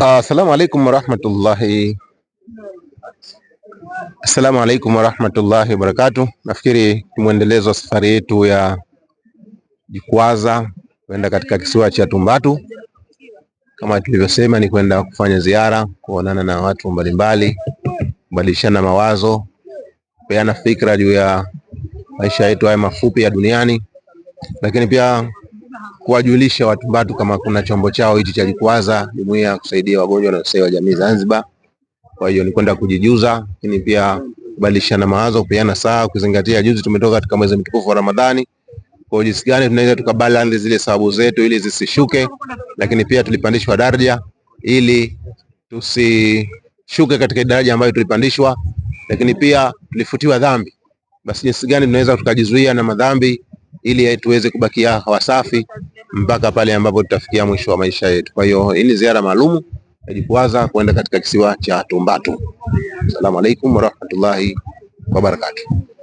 Assalamu alaikum warahmatullahi, assalamu alaikum warahmatullahi Nafikiri wa safari yetu ya Jikwaza kwenda katika kisiwa cha Tumbatu, kama tulivyosema, ni kwenda kufanya ziara, kuonana na watu mbalimbali, kubadilishana mawazo, kupeana fikra juu ya maisha yetu haya mafupi ya duniani, lakini pia kuwajulisha watu watu kama kuna chombo chao hichi cha Likwaza, jumuiya kusaidia wagonjwa na ustawi wa jamii Zanzibar. Kwa hiyo ni kwenda kujijuza, lakini pia kubadilishana mawazo, kupeana saa, kuzingatia juzi tumetoka katika mwezi mtukufu wa Ramadhani, kwa jinsi gani tunaweza tukabalance zile sababu zetu ili zisishuke, lakini pia tulipandishwa daraja ili tusishuke katika daraja ambayo tulipandishwa, lakini pia tulifutiwa dhambi, basi jinsi gani tunaweza tukajizuia na madhambi ili tuweze kubakia wasafi mpaka pale ambapo tutafikia mwisho wa maisha yetu. Kwa hiyo hii ni ziara maalumu najikwaza kwenda katika kisiwa cha Tumbatu. Asalamu alaikum warahmatullahi wabarakatuh.